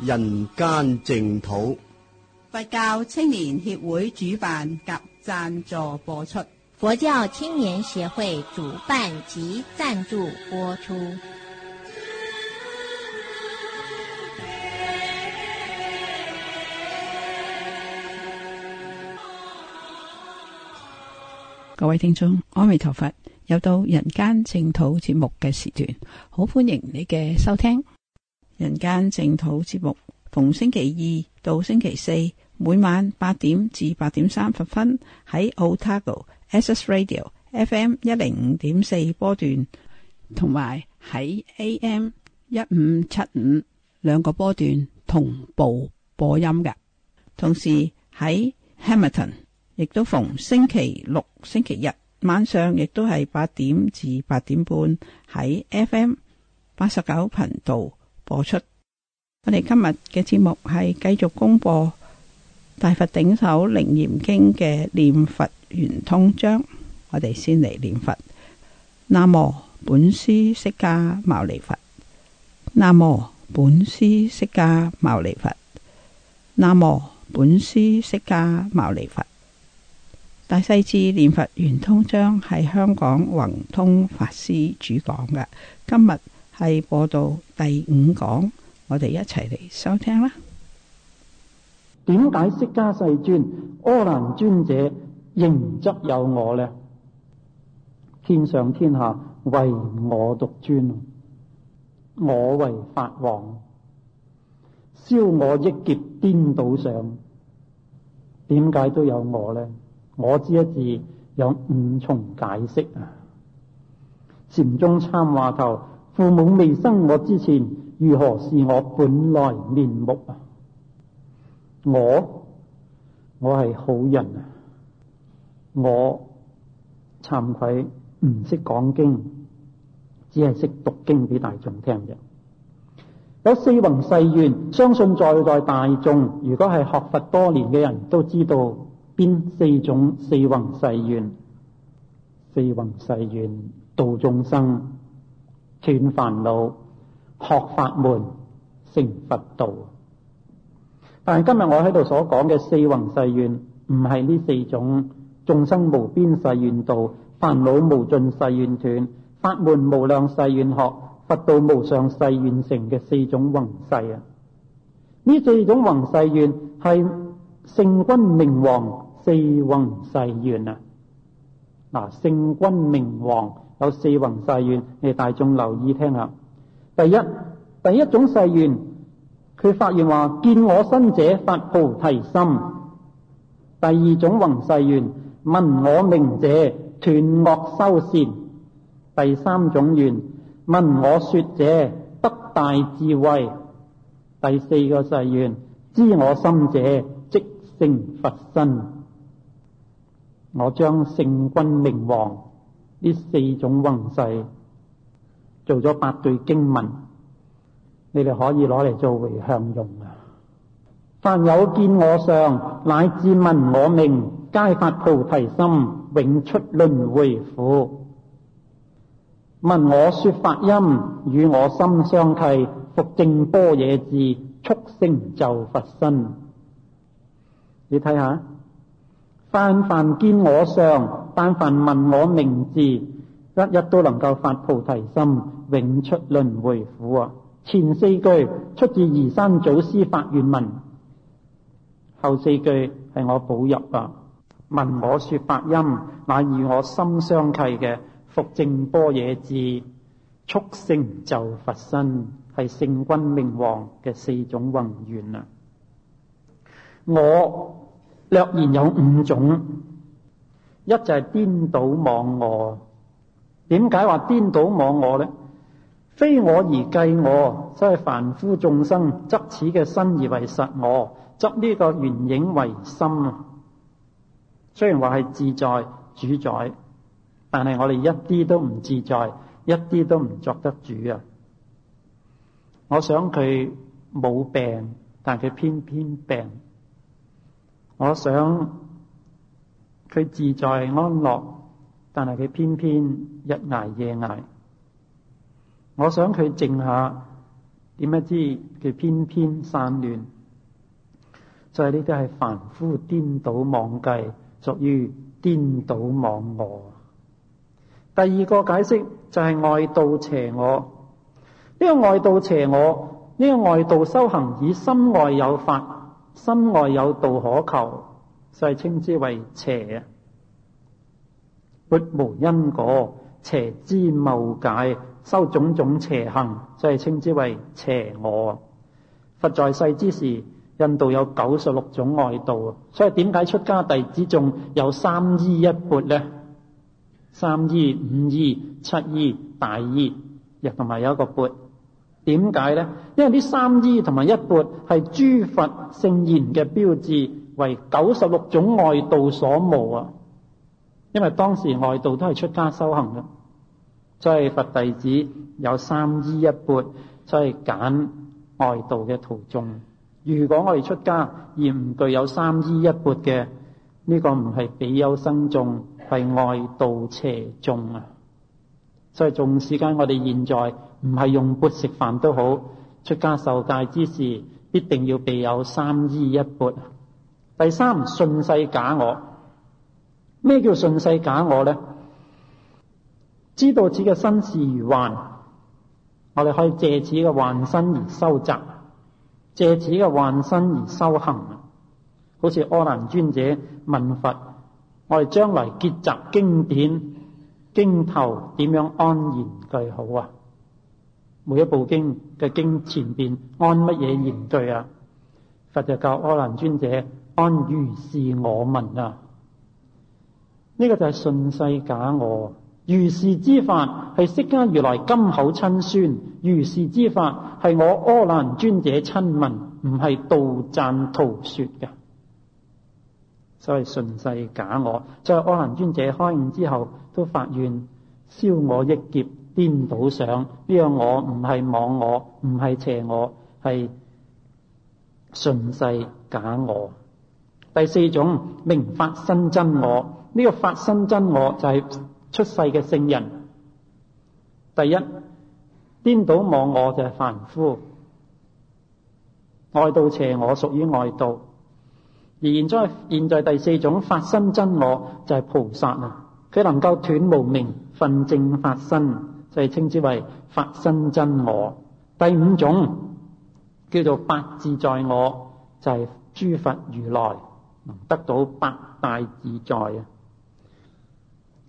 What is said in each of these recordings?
人間淨土，佛教青年協會主辦及贊助播出。佛教青年協會主辦及贊助播出。各位聽眾，阿彌陀佛，又到人間淨土節目嘅時段，好歡迎你嘅收聽。人間淨土節目，逢星期二到星期四，每晚八點至八點三十分喺 Otago S S Radio F M 一零五點四波段，同埋喺 A M 一五七五兩個波段同步播音嘅。同時喺 Hamilton 亦都逢星期六、星期日晚上，亦都係八點至八點半喺 F M 八十九頻道。播出，我哋今日嘅節目係繼續公播《大佛頂首楞嚴經》嘅《念佛圓通章》，我哋先嚟念佛。南無本師釋迦牟尼佛。南無本師釋迦牟尼佛。南無本師釋迦牟尼佛。《大勢至念佛圓通章》係香港宏通法師主講嘅，今日。係播到第五講，我哋一齊嚟收聽啦。點解釋迦世尊阿難尊者仍則有我呢？天上天下唯我獨尊，我為法王，消我億劫顛倒上，點解都有我呢？我知一字有五重解釋啊！禪宗參話頭。父母未生我之前，如何是我本來面目啊？我我係好人啊！我慚愧唔識講經，只係識讀經俾大眾聽嘅。有四弘誓願，相信在在大眾，如果係學佛多年嘅人都知道邊四種四弘誓願。四弘誓願度眾生。斷煩惱，學法門，成佛道。但係今日我喺度所講嘅四宏誓願唔係呢四種眾生無邊誓願度，煩惱無盡誓願斷，法門無量誓願學，佛道無上誓願成嘅四種宏誓啊！呢四種宏誓願係聖君明王四宏誓願啊！嗱，聖君明王。有四宏誓願，你哋大眾留意聽下。第一，第一種誓願，佢發願話：見我身者發菩提心。第二種宏誓願，聞我名者斷惡修善。第三種願，聞我說者得大智慧。第四個誓願，知我心者即成佛身。我將聖君明王。呢四種運勢，做咗八對經文，你哋可以攞嚟做回向用啊！凡有見我相，乃至聞我名，皆發菩提心，永出輪迴苦。聞我説法音，與我心相契，復證波野智，速成就佛身。你睇下，凡凡見我相。但凡問我名字，一一都能夠發菩提心，永出輪回苦啊！前四句出自宜山祖師發願文，後四句係我補入啊！問我説法音，乃與我心相契嘅復正般若智，速成就佛身，係聖君明王嘅四種宏願啊！我略言有五種。一就係顛倒妄我，點解話顛倒妄我咧？非我而計我，即係凡夫眾生執此嘅身而為實我，執呢個緣影為心啊！雖然話係自在主宰，但係我哋一啲都唔自在，一啲都唔作得主啊！我想佢冇病，但佢偏偏病。我想。佢自在安樂，但係佢偏偏日挨夜挨。我想佢靜下，點解知佢偏偏散亂？就係呢啲係凡夫顛倒妄計，屬於顛倒妄我。第二個解釋就係外道邪我。呢、這個外道邪我，呢、這個外道修行以心外有法，心外有道可求。世稱之為邪，撥無因果，邪知謬解，修種種邪行，即係稱之為邪惡。佛在世之時，印度有九十六種外道，所以點解出家弟子仲有三衣一缽呢？三衣、五衣、七衣、大衣，亦同埋有一個缽。點解呢？因為啲三衣同埋一缽係諸佛聖賢嘅標誌。為九十六種外道所無啊！因為當時外道都係出家修行嘅，所以佛弟子有三衣一缽，所以揀外道嘅途中。如果我哋出家而唔具有三衣一缽嘅呢個，唔係比丘僧眾，係外道邪眾啊！所以縱使緊我哋現在唔係用撥食飯都好，出家受戒之時，必定要備有三衣一缽。第三順世假我，咩叫順世假我咧？知道自己嘅身事如幻，我哋可以借此嘅幻身而修習，借此嘅幻身而修行。好似阿難尊者問佛：我哋將來結集經典，經頭點樣安言句好啊？每一部經嘅經前邊安乜嘢言句啊？佛就教阿難尊者。按如是我聞啊，呢、這個就係順世假我。如是之法係釋迦如來金口親宣，如是之法係我阿難尊者親聞，唔係道聽途說嘅。所謂順世假我，在阿難尊者開悟之後都發願燒我億劫顛倒想，呢、這個我唔係妄我，唔係邪我，係順世假我。第四種明法身真我，呢、這個法身真我就係出世嘅聖人。第一顛倒妄我就係凡夫，外道邪我屬於外道。而現在，在現在第四種法身真我就係菩薩啊，佢能夠斷無明、分證法身，就係、是、稱之為法身真我。第五種叫做八自在我，就係、是、諸佛如來。能得到八大自在啊！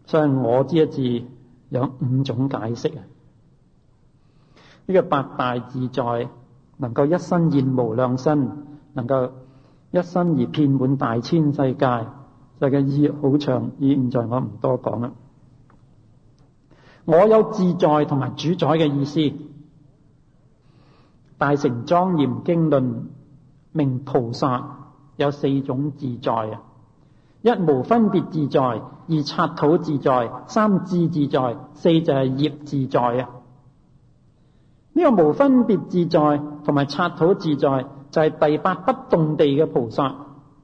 所以我知一字有五種解釋啊。呢、這個八大自在，能夠一身現無量身，能夠一身而遍滿大千世界。就嘅意好長，現在我唔多講啦。我有自在同埋主宰嘅意思，大乘莊嚴經論名菩薩。有四種自在啊，一無分別自在，二剎土自在，三智自在，四就係業自在啊。呢、這個無分別自在同埋剎土自在就係第八不動地嘅菩薩，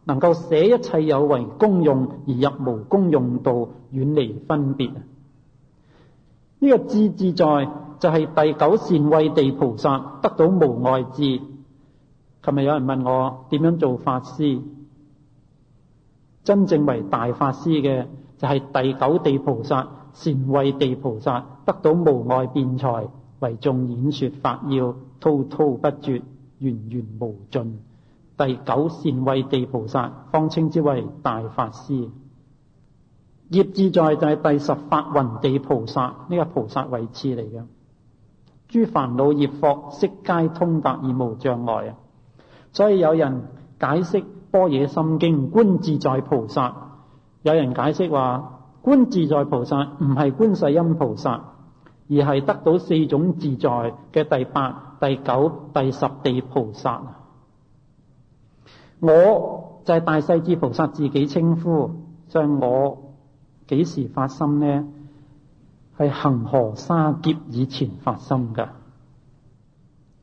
能夠捨一切有為功用而入無功用道，遠離分別。呢、這個智自在就係第九善慧地菩薩得到無礙智。琴日有人問我點樣做法師？真正為大法師嘅就係、是、第九地菩薩、善慧地菩薩，得到無礙辯才，為眾演説法要，滔滔不絕，源源無盡。第九善慧地菩薩方稱之為大法師。業自在就係第十法雲地菩薩，呢、這個菩薩位次嚟嘅。諸煩惱業惑悉皆通達而無障礙啊！所以有人解釋《般若心經》觀自在菩薩，有人解釋話觀自在菩薩唔係觀世音菩薩，而係得到四種自在嘅第八、第九、第十地菩薩。我就係、是、大勢至菩薩自己稱呼，就是、我幾時發生呢？係恒河沙劫以前發生噶，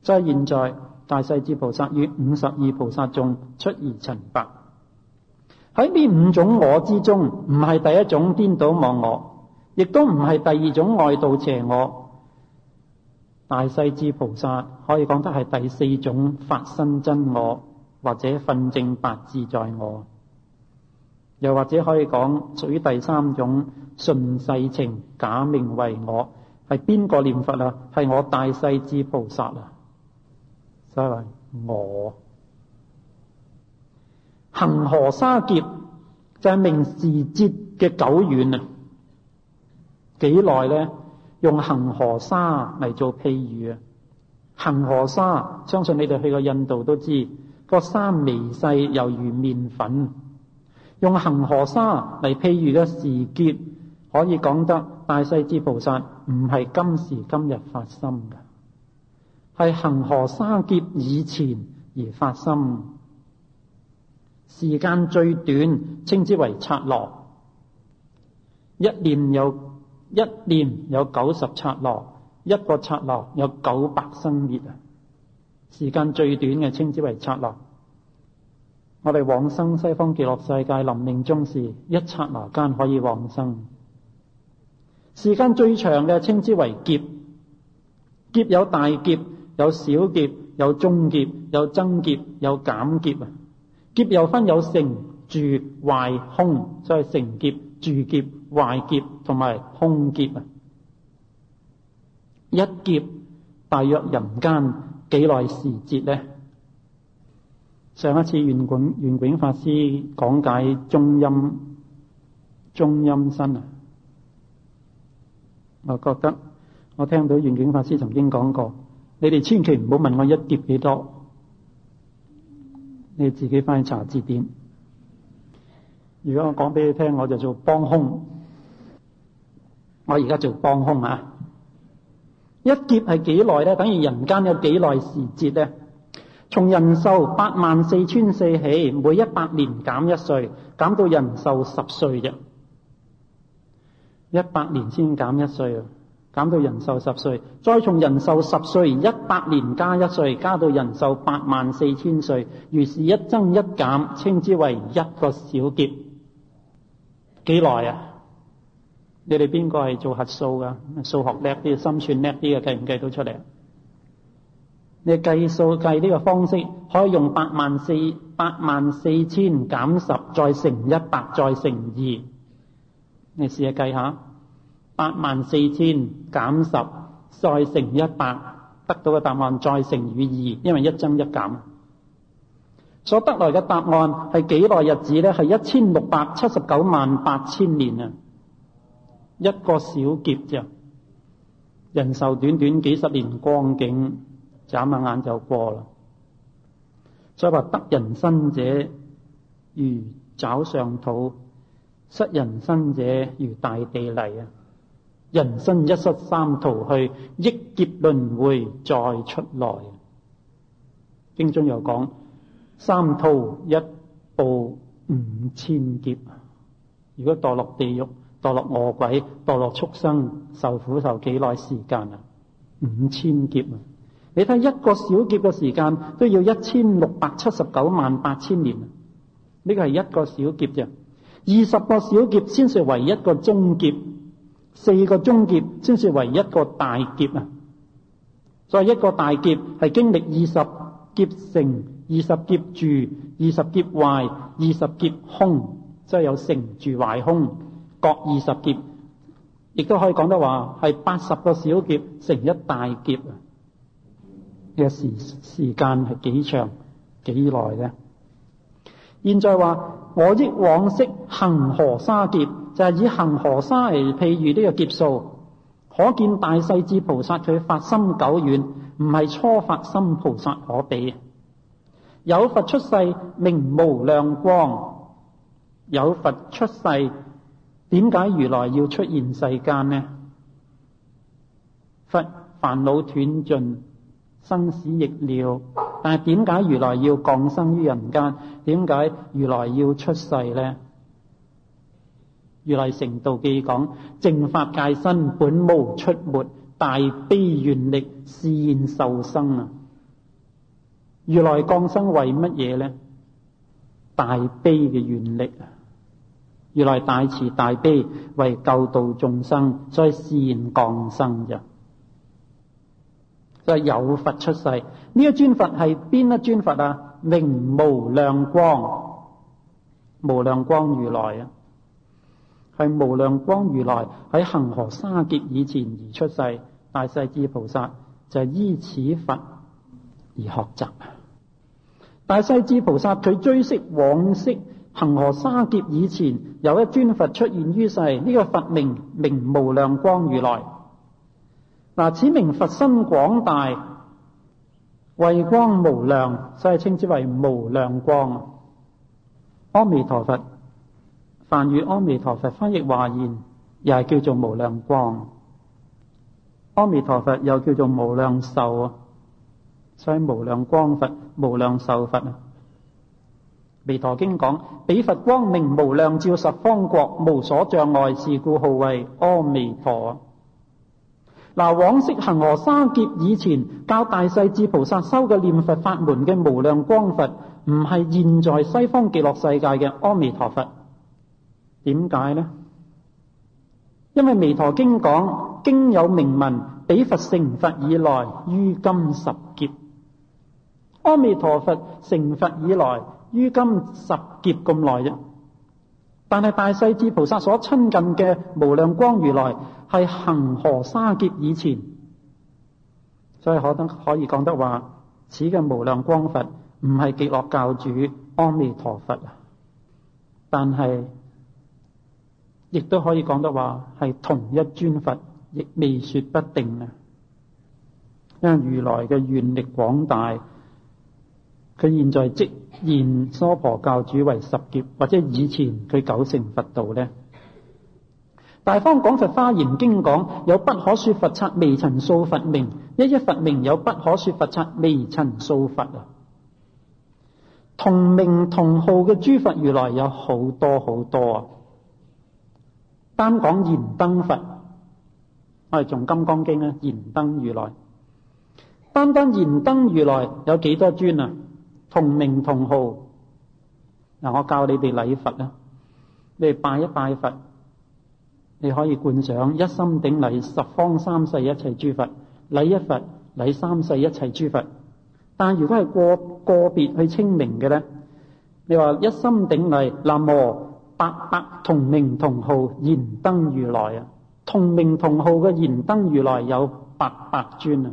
即係現在。大勢至菩薩與五十二菩薩眾出而陳白，喺呢五種我之中，唔係第一種顛倒妄我，亦都唔係第二種外道邪我。大勢至菩薩可以講得係第四種法身真我，或者分證八自在我，又或者可以講屬於第三種順世情假名為我，係邊個念佛啊？係我大勢至菩薩啊！所以，我恒河沙劫就係、是、明時劫嘅久遠啊！幾耐咧？用恒河沙嚟做譬喻啊！恒河沙，相信你哋去過印度都知，個沙微細，猶如麵粉。用恒河沙嚟譬喻嘅時劫，可以講得大勢至菩薩唔係今時今日發生嘅。係恒河沙劫以前而發生，時間最短，稱之為剎那。一念有，一念有九十剎那，一個剎那有九百生滅啊！時間最短嘅稱之為剎那。我哋往生西方極樂世界臨命終時，一剎那間可以往生。時間最長嘅稱之為劫，劫有大劫。有小劫、有中劫、有增劫、有減劫啊。劫又分有成住壞空，所以成劫、住劫、壞劫同埋空劫啊。一劫大約人間幾耐時節呢？上一次願景願景法師講解中陰中陰身啊，我覺得我聽到願景法師曾經講過。你哋千祈唔好問我一劫幾多，你自己翻去查字典。如果我講俾你聽，我就做幫兇。我而家做幫兇啊！一劫係幾耐咧？等於人間有幾耐時節咧？從人壽八萬四千四起，每一百年減一歲，減到人壽十歲啫。一百年先減一歲啊！減到人壽十歲，再從人壽十歲一百年加一歲，加到人壽八萬四千歲，如是一增一減，稱之為一個小劫。幾耐啊？你哋邊個係做核數㗎？數學叻啲，心算叻啲嘅計唔計到出嚟？你計數計呢個方式，可以用八萬四八萬四千減十，再乘一百，再乘二。你試下計下。八萬四千減十，再乘一百，得到嘅答案再乘以二，因為一增一減，所得來嘅答案係幾耐日子呢？係一千六百七十九萬八千年啊！一個小劫啫，人壽短短幾十年光景，眨下眼就過啦。所以話得人身者如爪上土，失人身者如大地泥。啊！人生一失三途去，億劫輪回再出來。經中又講，三途一步五千劫。如果墮落地獄、墮落餓鬼、墮落畜生，受苦受幾耐時間啊？五千劫啊！你睇一個小劫嘅時間都要一千六百七十九萬八千年啊！呢個係一個小劫啫，二十個小劫先算為一個終劫。四個中劫先至為一個大劫啊！所以一個大劫係經歷二十劫成，二十劫住，二十劫壞，二十劫空，即係有成住壞空各二十劫，亦都可以講得話係八十個小劫成一大劫啊！呢個時時間係幾長幾耐咧？現在話，我憶往昔恒河沙劫。就係以恆河沙，譬如呢個劫數，可見大勢至菩薩佢發心久遠，唔係初發心菩薩可比。有佛出世，明無亮光；有佛出世，點解如來要出現世間呢？佛煩惱斷盡，生死逆了。但係點解如來要降生於人間？點解如來要出世呢？如來成道記講，正法界身本無出沒，大悲願力示現受生啊！如來降生為乜嘢呢？大悲嘅願力啊！如來大慈大悲為救度眾生，所以示現降生啫。就係有佛出世，呢個尊佛係邊一尊佛啊？明無量光，無量光如來啊！係無量光如來喺恒河沙劫以前而出世，大勢至菩薩就依此佛而學習。大勢至菩薩佢追悉往昔恒河沙劫以前有一尊佛出現於世，呢、這個佛名名無量光如來。嗱，此名佛身廣大，慧光無量，所以稱之為無量光。阿彌陀佛。凡語阿彌陀佛翻譯華言，又係叫做無量光。阿彌陀佛又叫做無量壽啊，所以無量光佛、無量壽佛啊。《彌陀經》講，彼佛光明無量照十方國，無所障礙，是故號為阿彌陀。嗱，往昔恆河沙劫以前，教大勢至菩薩修嘅念佛法門嘅無量光佛，唔係現在西方極樂世界嘅阿彌陀佛。點解呢？因為《彌陀經》講經有明文，比佛成佛以來於今十劫，阿彌陀佛成佛以來於今十劫咁耐啫。但係大勢至菩薩所親近嘅無量光如來係恒河沙劫以前，所以可得可以講得話，此嘅無量光佛唔係極樂教主阿彌陀佛啊，但係。亦都可以講得話係同一尊佛，亦未說不定啊！因為如來嘅願力廣大，佢現在即現娑婆教主為十劫，或者以前佢九成佛道呢。大方廣佛華嚴經講有不可說佛剎，未曾數佛名，一一佛名有不可說佛剎，未曾數佛啊！同名同號嘅諸佛如來有好多好多啊！單講燃燈佛，我哋從《從金剛經》咧，燃燈如來。單單燃燈如來有幾多尊啊？同名同號。嗱，我教你哋禮佛啦，你哋拜一拜佛，你可以觀想一心頂禮十方三世一切諸佛，禮一佛，禮三世一切諸佛。但如果係個個別去稱名嘅咧，你話一心頂禮南無。八百同名同號燃燈如來啊，同名同號嘅燃燈如來有八百尊呢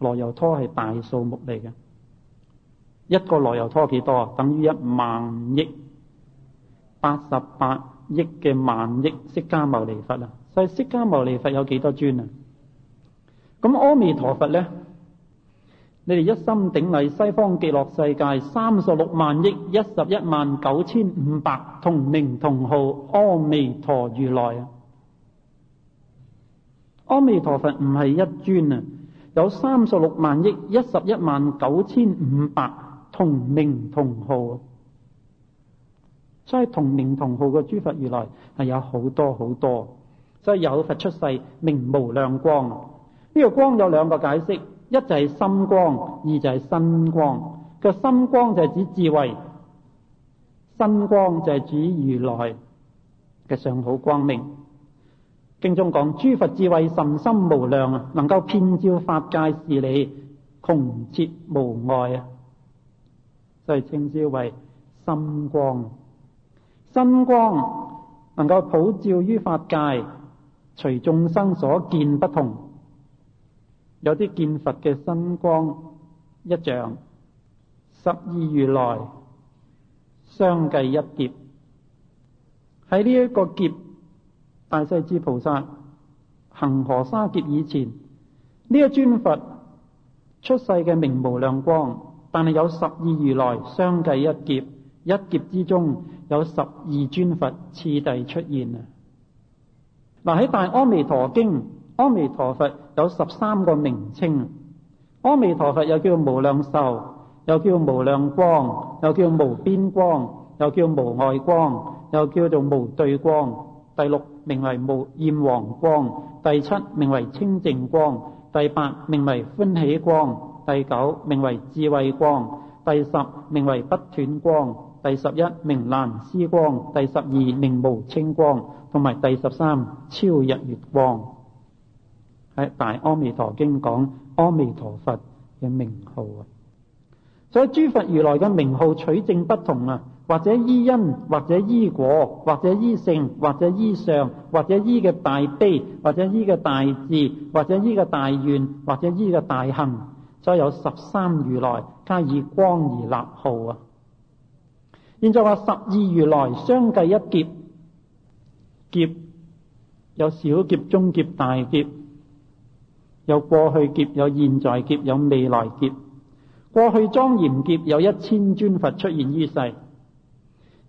那由他係大數目嚟嘅，一個那由他幾多啊？等於一萬億八十八億嘅萬億釋迦牟尼佛啊！所以釋迦牟尼佛有幾多尊啊？咁阿彌陀佛咧，你哋一心頂禮西方極樂世界三十六萬億一十一萬九千五百同名同號阿彌陀如來。阿彌陀佛唔係一尊啊！有三十六萬億一十一萬九千五百同名同號，所以同名同號嘅諸佛如來係有好多好多，所以有佛出世，名無量光。呢、這個光有兩個解釋，一就係心光，二就係身光。個心光就係指智慧，身光就係指如來嘅上好光明。經中講，諸佛智慧甚深無量啊，能夠遍照法界事理，窮徹無礙啊，所以稱之為心光。心光能夠普照於法界，隨眾生所見不同，有啲見佛嘅心光一像，十二如來相繼一劫，喺呢一個劫。大勢至菩薩恆河沙劫以前，呢一尊佛出世嘅名無量光，但係有十二如來相繼一劫，一劫之中有十二尊佛次第出現啊。嗱喺大阿彌陀經，阿彌陀佛有十三個名稱。阿彌陀佛又叫無量壽，又叫無量光，又叫無邊光，又叫無礙光，又叫做無對光。第六。名為無焰王光，第七名為清淨光，第八名為歡喜光，第九名為智慧光，第十名為不斷光，第十一名難思光，第十二名為無清光，同埋第十三超日月光，喺大阿彌陀經講阿彌陀佛嘅名號啊！所以諸佛如來嘅名號取正不同啊！或者依因，或者依果，或者依性，或者依相，或者依嘅大悲，或者依嘅大智，或者依嘅大願，或者依嘅大幸，所以有十三如來，皆以光而立號啊！現在話十二如來相繼一劫劫有小劫、中劫、大劫，有過去劫、有現在劫、有未來劫。過去莊嚴劫有一千尊佛出現於世。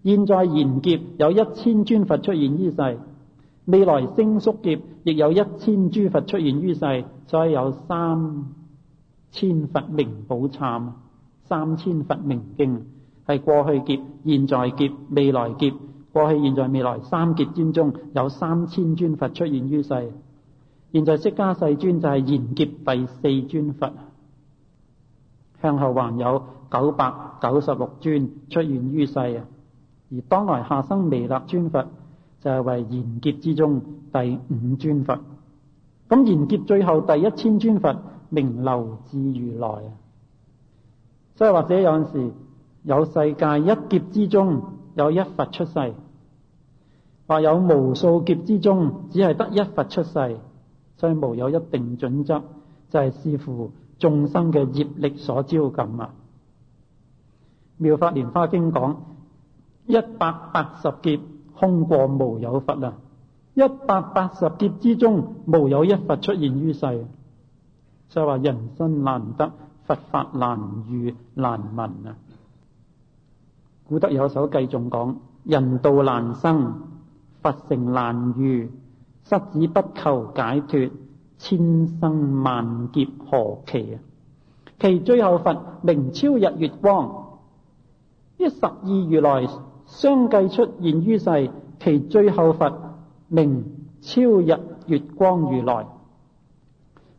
現在賢劫有一千尊佛出現於世，未來星宿劫亦有一千尊佛出現於世，所以有三千佛名寶懺，三千佛名經，係過去劫、現在劫、未來劫，過去、現在、未來三劫之中有三千尊佛出現於世。現在釋迦世尊就係賢劫第四尊佛，向後還有九百九十六尊出現於世啊！而當來下生彌勒尊佛就係、是、為賢劫之中第五尊佛，咁賢劫最後第一千尊佛名樓至如來啊！所以或者有陣時有世界一劫之中有一佛出世，或有無數劫之中只係得一佛出世，所以無有一定準則，就係、是、視乎眾生嘅業力所招咁啊！妙法蓮花經講。一百八十劫空過無有佛啊！一百八十劫之中，無有一佛出現於世，所以話人生難得，佛法難遇難聞啊！古德有首偈仲講：人道難生，佛成難遇，失子不求解脱，千生萬劫何期啊！其最後佛名超日月光，一十二如來。相繼出現於世，其最後佛名超日月光如來。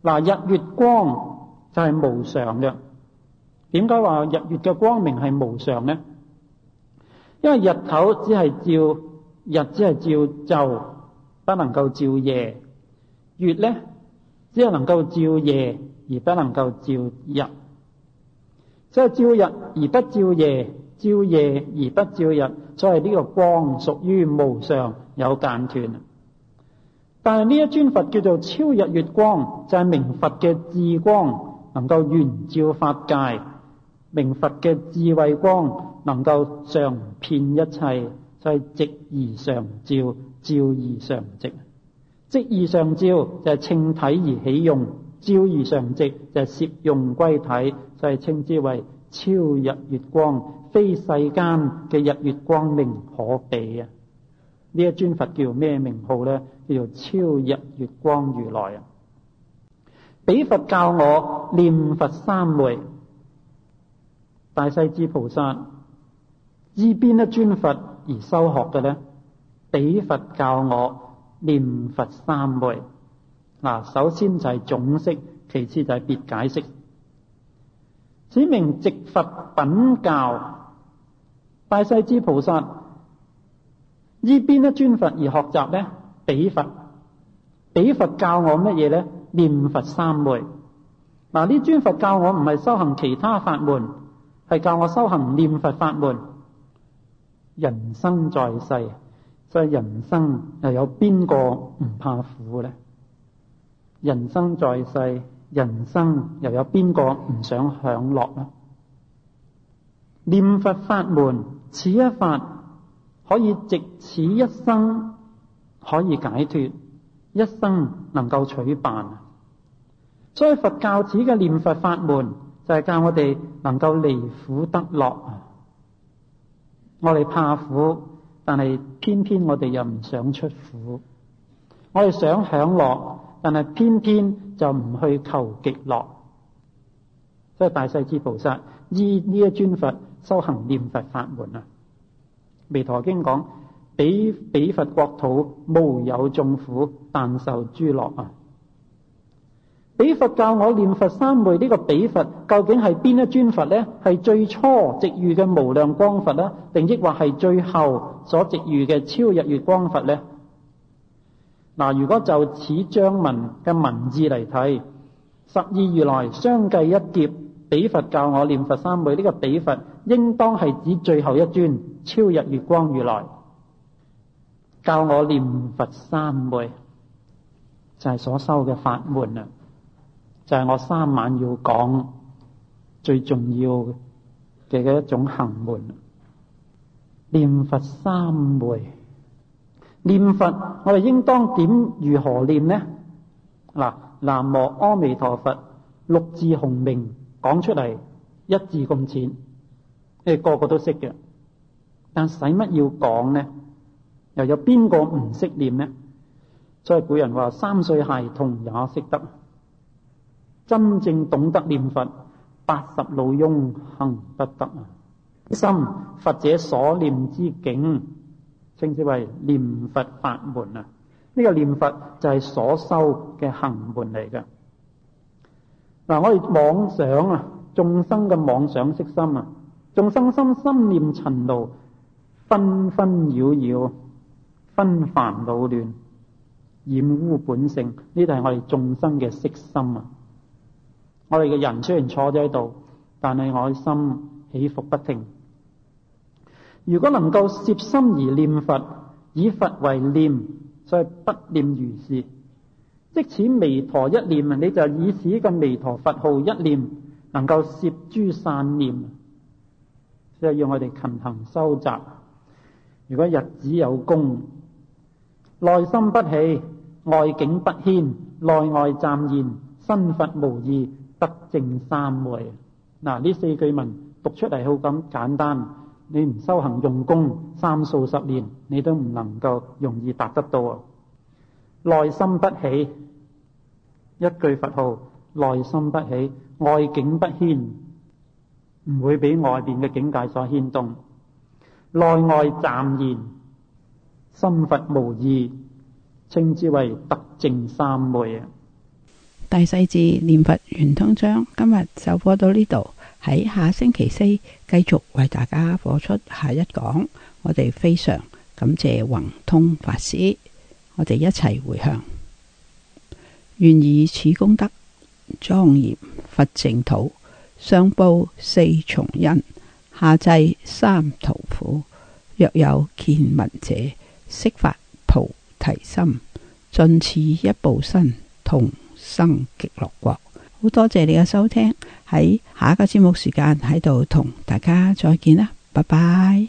嗱，日月光就係無常嘅。點解話日月嘅光明係無常呢？因為日頭只係照日，只係照晝，不能夠照夜；月呢，只係能夠照夜，而不能夠照日。即係照日而不照夜。照夜而不照日，所以呢個光屬於無常有間斷。但係呢一尊佛叫做超日月光，就係、是、明佛嘅智光，能夠圓照法界。明佛嘅智慧光能夠常遍一切，所以直而常照，照而常直。直而常照就係、是、稱體而起用，照而常直就係攝用歸體，就係稱之為超日月光。非世間嘅日月光明可比啊！呢一尊佛叫咩名號咧？叫做超日月光如來啊！彼佛教我念佛三昧，大勢至菩薩依邊一尊佛而修學嘅呢？彼佛教我念佛三昧，嗱，首先就係總釋，其次就係別解釋，指明直佛品教。大世之菩薩呢邊呢尊佛而學習呢？彼佛，彼佛教我乜嘢呢？念佛三昧。嗱，呢尊佛教我唔係修行其他法門，係教我修行念佛法門。人生在世，所以人生又有邊個唔怕苦呢？人生在世，人生又有邊個唔想享樂呢？念佛法門。此一法可以藉此一生可以解脫，一生能夠取辦。所以佛教指嘅念佛法門就係、是、教我哋能夠離苦得樂。我哋怕苦，但係偏偏我哋又唔想出苦；我哋想享樂，但係偏偏就唔去求極樂。所以大勢至菩薩依呢一尊佛。修行念佛法門啊，《彌陀經》講，彼彼佛國土無有眾苦，但受諸樂啊。彼佛教我念佛三昧呢個彼佛，究竟係邊一尊佛呢？係最初值遇嘅無量光佛呢？定抑或係最後所值遇嘅超日月光佛呢？嗱，如果就此章文嘅文字嚟睇，十二如來相繼一劫，彼佛教我念佛三昧呢個彼佛。應當係指最後一尊超日月光如來，教我念佛三昧，就係所修嘅法門啊！就係我三晚要講最重要嘅嗰一種行門，念佛三昧。念佛，我哋應當點如何念呢？嗱，南無阿彌陀佛六字洪名，講出嚟一字咁淺。你個個都識嘅，但使乜要講呢？又有邊個唔識念呢？所以古人話：三歲孩童也識得，真正懂得念佛，八十老翁行不得啊！心，佛者所念之境，稱之為念佛法門啊！呢個念佛就係所修嘅行門嚟噶。嗱，我哋妄想啊，眾生嘅妄想識心啊。眾生心心念塵勞紛紛擾擾，紛繁惱亂，染污本性。呢啲係我哋眾生嘅色心啊！我哋嘅人雖然坐咗喺度，但係我心起伏不停。如果能夠攝心而念佛，以佛為念，所以不念如是。即此彌陀一念啊！你就以此嘅彌陀佛號一念，能夠攝諸散念。即係要我哋勤行修習。如果日子有功，內心不起，外境不牽，內外暫現，身佛無異，得正三昧。嗱，呢四句文讀出嚟好咁簡單，你唔修行用功三數十年，你都唔能夠容易達得到啊！內心不起，一句佛號，內心不起，外境不牽。唔會俾外邊嘅境界所牽動，內外湛然，心佛無異，稱之為德正三昧。大勢至念佛圓通章，今日就播到呢度，喺下星期四繼續為大家播出下一講。我哋非常感謝宏通法師，我哋一齊回向，願以此功德莊嚴佛淨土。上報四重恩，下濟三途苦。若有見聞者，悉發菩提心，盡此一報身，同生極樂國。好多謝你嘅收聽，喺下一個節目時間喺度同大家再見啦，拜拜。